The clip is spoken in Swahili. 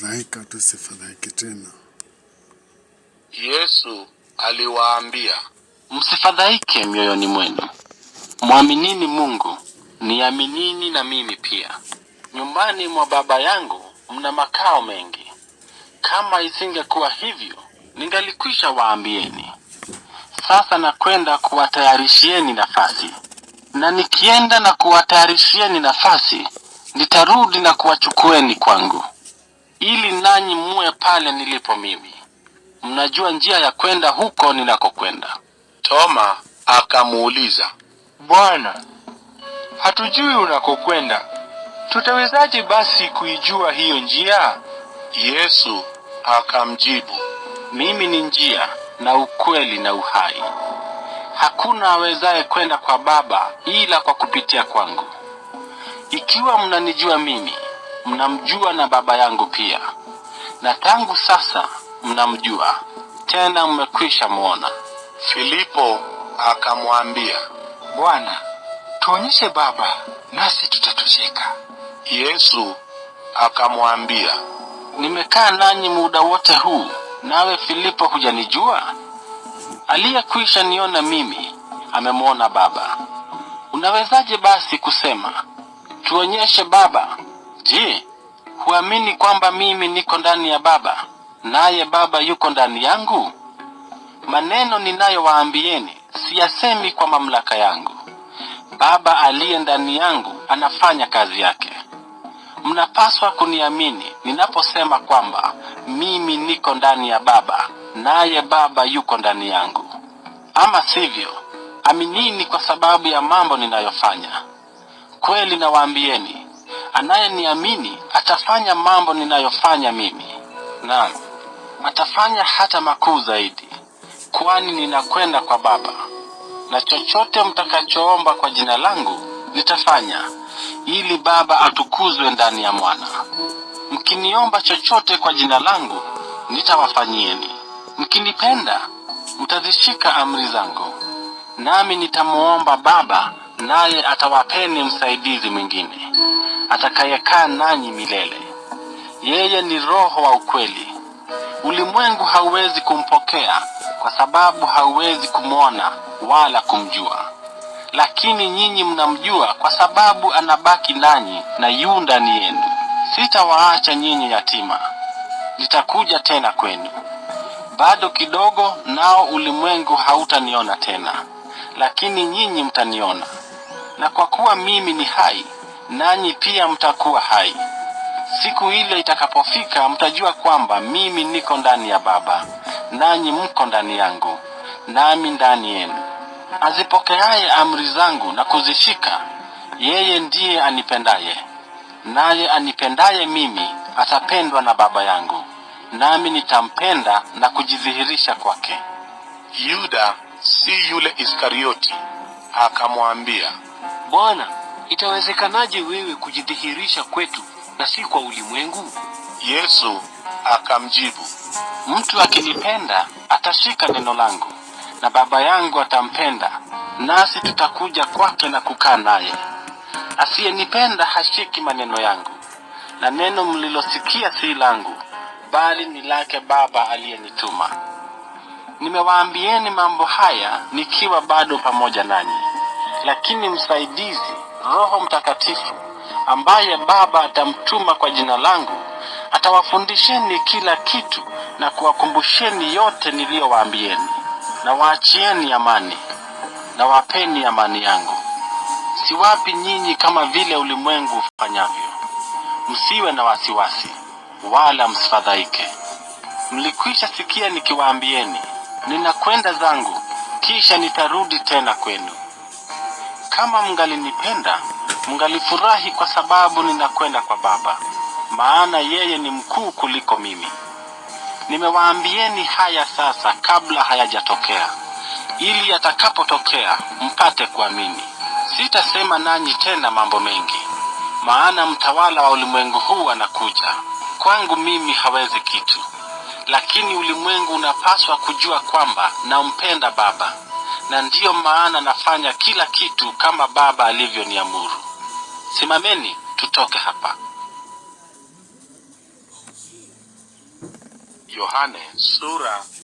fadhaika, tusifadhaike tena. Yesu aliwaambia, msifadhaike mioyoni mwenu, mwaminini Mungu, niaminini na mimi pia. Nyumbani mwa Baba yangu mna makao mengi; kama isingekuwa hivyo, ningalikwisha waambieni. Sasa nakwenda kuwatayarishieni nafasi, na nikienda na kuwatayarishieni nafasi, nitarudi na kuwachukueni kwangu ili nanyi muwe pale nilipo mimi. Mnajua njia ya kwenda huko ninakokwenda. Toma akamuuliza, Bwana, hatujui unakokwenda, tutawezaje basi kuijua hiyo njia? Yesu akamjibu, mimi ni njia na ukweli na uhai. Hakuna awezaye kwenda kwa Baba ila kwa kupitia kwangu. Ikiwa mnanijua mimi mnamjua na Baba yangu pia, na tangu sasa mnamjua tena mmekwisha mwona. Filipo akamwambia, Bwana, tuonyeshe Baba nasi tutatosheka. Yesu akamwambia, nimekaa nanyi muda wote huu, nawe Filipo hujanijua? Aliyekwisha niona mimi amemwona Baba. Unawezaje basi kusema tuonyeshe Baba? Je, huamini kwamba mimi niko ndani ya Baba naye Baba yuko ndani yangu? Maneno ninayowaambieni siyasemi kwa mamlaka yangu. Baba aliye ndani yangu anafanya kazi yake. Mnapaswa kuniamini ninaposema kwamba mimi niko ndani ya Baba naye Baba yuko ndani yangu. Ama sivyo, aminini kwa sababu ya mambo ninayofanya. Kweli nawaambieni Anayeniamini atafanya mambo ninayofanya mimi, naam, atafanya hata makuu zaidi, kwani ninakwenda kwa Baba, na chochote mtakachoomba kwa jina langu nitafanya, ili Baba atukuzwe ndani ya Mwana. Mkiniomba chochote kwa jina langu nitawafanyieni. Mkinipenda mtazishika amri zangu, nami nitamuomba Baba naye atawapeni msaidizi mwingine atakayekaa nanyi milele. Yeye ni Roho wa ukweli. Ulimwengu hauwezi kumpokea kwa sababu hauwezi kumwona wala kumjua, lakini nyinyi mnamjua kwa sababu anabaki nanyi na yu ndani yenu. Sitawaacha nyinyi yatima, nitakuja tena kwenu. Bado kidogo, nao ulimwengu hautaniona tena, lakini nyinyi mtaniona na kwa kuwa mimi ni hai, nanyi pia mtakuwa hai. Siku ile itakapofika, mtajua kwamba mimi niko ndani ya Baba, nanyi mko ndani yangu, nami ndani yenu. Azipokeaye amri zangu na kuzishika, yeye ndiye anipendaye, naye anipendaye mimi atapendwa na Baba yangu, nami nitampenda na kujidhihirisha kwake. Yuda si yule Iskarioti akamwambia Bwana, itawezekanaje wewe kujidhihirisha kwetu na si kwa ulimwengu? Yesu akamjibu, mtu akinipenda atashika neno langu, na Baba yangu atampenda, nasi tutakuja kwake na kukaa naye. Asiyenipenda hashiki maneno yangu, na neno mlilosikia si langu, bali ni lake Baba aliyenituma. Nimewaambieni mambo haya nikiwa bado pamoja nanyi lakini msaidizi, Roho Mtakatifu ambaye Baba atamtuma kwa jina langu, atawafundisheni kila kitu na kuwakumbusheni yote niliyowaambieni. Na waachieni amani, na wapeni amani yangu. Siwapi nyinyi kama vile ulimwengu ufanyavyo. Msiwe na wasiwasi wala msifadhaike. Mlikwisha sikia nikiwaambieni, ninakwenda zangu, kisha nitarudi tena kwenu. Kama mngalinipenda, mngalifurahi kwa sababu ninakwenda kwa Baba, maana yeye ni mkuu kuliko mimi. Nimewaambieni haya sasa kabla hayajatokea, ili yatakapotokea mpate kuamini. Sitasema nanyi tena mambo mengi, maana mtawala wa ulimwengu huu anakuja. Kwangu mimi hawezi kitu, lakini ulimwengu unapaswa kujua kwamba nampenda Baba na ndiyo maana nafanya kila kitu kama Baba alivyoniamuru. Simameni, tutoke hapa. Yohane sura